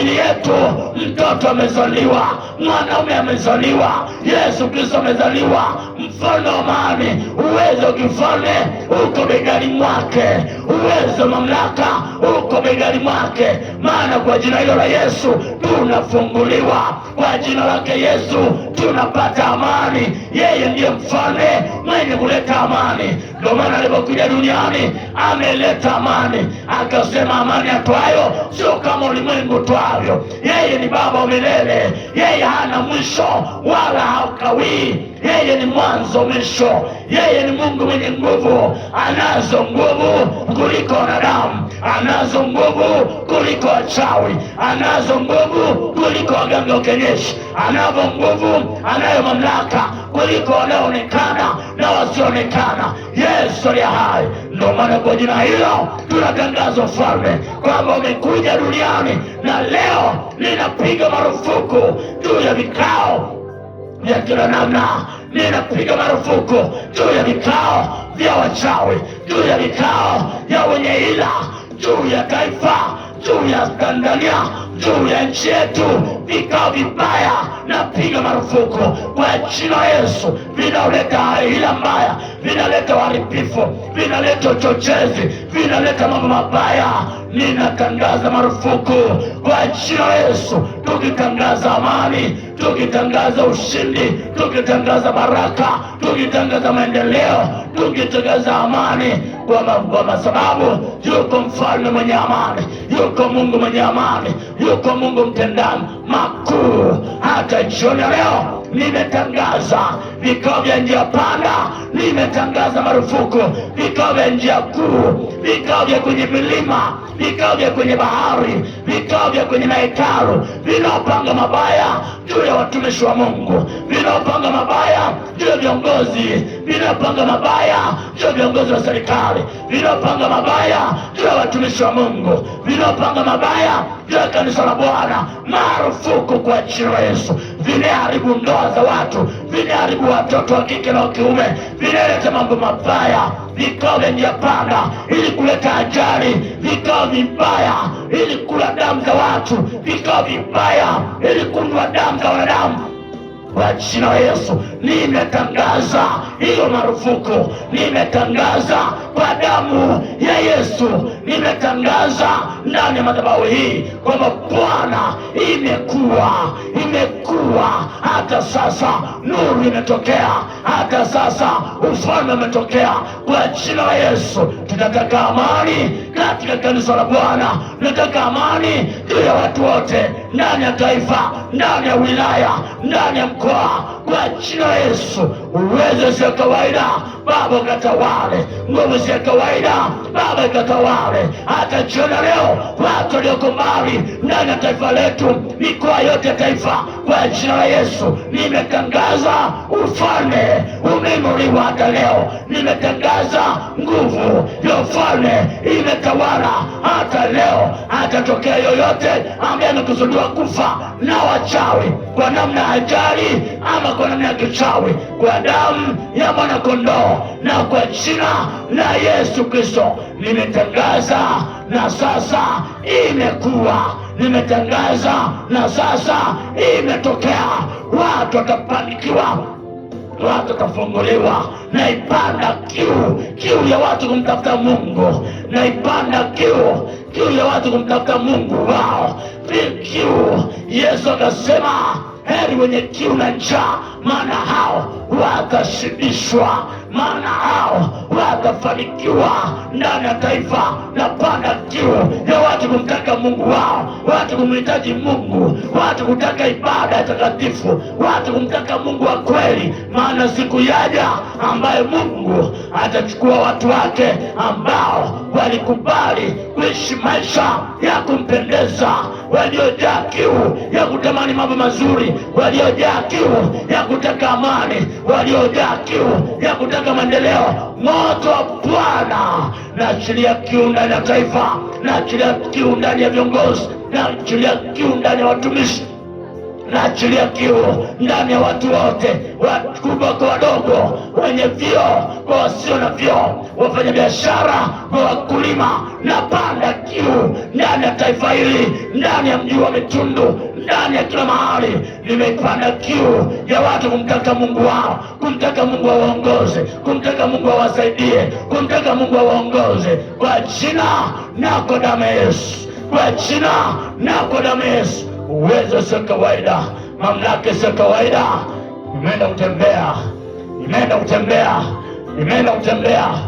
ajili yetu. Mtoto amezaliwa, mwanaume amezaliwa, Yesu Kristo amezaliwa mfalme wa mawe, uwezo wa kifalme uko begani mwake, uwezo mamlaka uko begani mwake, maana kwa jina hilo la Yesu tunafunguliwa, kwa jina lake Yesu tunapata amani. Yeye ndiye mfalme mwenye kuleta amani. Ndio maana alipokuja duniani ameleta amani, akasema amani atwayo sio kama ulimwengu twavyo. Yeye ni Baba wa milele, yeye hana mwisho wala haukawii, yeye ni mwana mwanzo. Yeye ni Mungu mwenye nguvu, anazo nguvu kuliko wanadamu, anazo nguvu kuliko wachawi, anazo nguvu kuliko waganga ukenyeshi, anavyo nguvu, anayo mamlaka kuliko wanaoonekana na wasioonekana. Yesu aliye hai. Ndio maana kwa jina hilo tunatangaza ufalme kwamba umekuja duniani, na leo linapiga marufuku juu ya vikao ya kila namna. Ninapiga marufuku juu ya vikao vya wachawi, juu ya vikao ya wenye ila, juu ya taifa, juu ya Tanzania, juu ya nchi yetu, vikao vibaya napiga marufuku kwa jina Yesu, vinaoleta ila mbaya vinaleta uharibifu, vinaleta uchochezi, vinaleta mambo mabaya. Ninatangaza marufuku kwa jina Yesu, tukitangaza amani, tukitangaza ushindi, tukitangaza baraka, tukitangaza maendeleo, tukitangaza amani, kwa sababu yuko mfalme mwenye amani, yuko Mungu mwenye amani, yuko Mungu mtendani makuu. Hata jioni leo limetangaza vikao vya njia panda, limetangaza marufuku vikao vya njia kuu, vikao vya kwenye milima, vikao vya kwenye bahari, vikao vya kwenye mahekalu vinaopanga mabaya juu ya watumishi wa Mungu, vinaopanga mabaya juu ya viongozi, vinaopanga mabaya juu ya viongozi wa serikali, vinaopanga mabaya mtumishi wa Mungu, vinaopanga mabaya juu ya kanisa la Bwana marufuku kwa jina la Yesu. Vinaharibu ndoa za watu, vinaharibu watoto wa kike na wa kiume, vinaleta mambo mabaya, vikao vya njia panda ili kuleta ajali, vikao vibaya ili kula damu za watu, vikao vibaya ili kunywa damu za wanadamu. Kwa jina Yesu nimetangaza hiyo marufuku, nimetangaza kwa damu ya Yesu, nimetangaza ndani ya madhabahu hii kwamba Bwana, imekuwa imekuwa, hata sasa nuru imetokea, hata sasa ufalme umetokea. Kwa jina la Yesu tunataka amani katika kanisa la Bwana, tunataka amani juu ya watu wote ndani ya taifa, ndani ya wilaya, ndani ya mkoa kwa jina la Yesu, uwezo sio kawaida Baba katawale, nguvu sio kawaida Baba katawale. Hata jiona leo watu walioko mbali ndani ya taifa letu, mikoa yote ya taifa, kwa jina la Yesu nimetangaza ufalme umeinuliwa hata leo, nimetangaza nguvu ya ufalme imetawala hata leo. atatokea yoyote ambaye amekusudiwa kufa na wachawi kwa namna ajali ama agano na kichawi kwa damu ya mwanakondoo na kwa jina la Yesu Kristo nimetangaza na sasa imekuwa, nimetangaza na sasa imetokea. Watu watapanikiwa watu watafunguliwa. Naipanda kiu, kiu ya watu kumtafuta Mungu. Naipanda kiu, kiu ya watu kumtafuta Mungu wao, kiu. Yesu akasema heri wenye kiu na njaa, maana hao wakashibishwa, maana hao wakafanikiwa ndani ya taifa na panda kiu ya watu kumtaka Mungu wao, watu kumhitaji Mungu, watu kutaka ibada ya takatifu, watu kumtaka Mungu wa kweli, maana siku yaja ambaye Mungu atachukua watu wake ambao walikubali kuishi maisha ya kumpendeza, waliojaa kiu ya kutamani mambo mazuri, waliojaa kiu ya kutaka amani waliojaa kiu ya kutaka maendeleo. Moto wa Bwana naachilia kiu ndani ya taifa, naachilia kiu ndani ya viongozi, naachilia kiu ndani ya watumishi naachilia kiu ndani ya watu wote, wakubwa kwa wadogo, wenye vio kwa wasio na vyoo, wafanya biashara kwa wakulima. Napanda kiu ndani ya taifa hili, ndani ya mji wa Mitundu, ndani ya kila mahali. Nimepanda kiu ya watu kumtaka Mungu wao, kumtaka Mungu awaongoze, kumtaka Mungu awasaidie, kumtaka Mungu awaongoze kwa jina kwa damu Yesu, kwa jina kwa damu Yesu uwezo sio kawaida, mamlaka sio kawaida. Imeenda kutembea, imeenda kutembea, imeenda kutembea.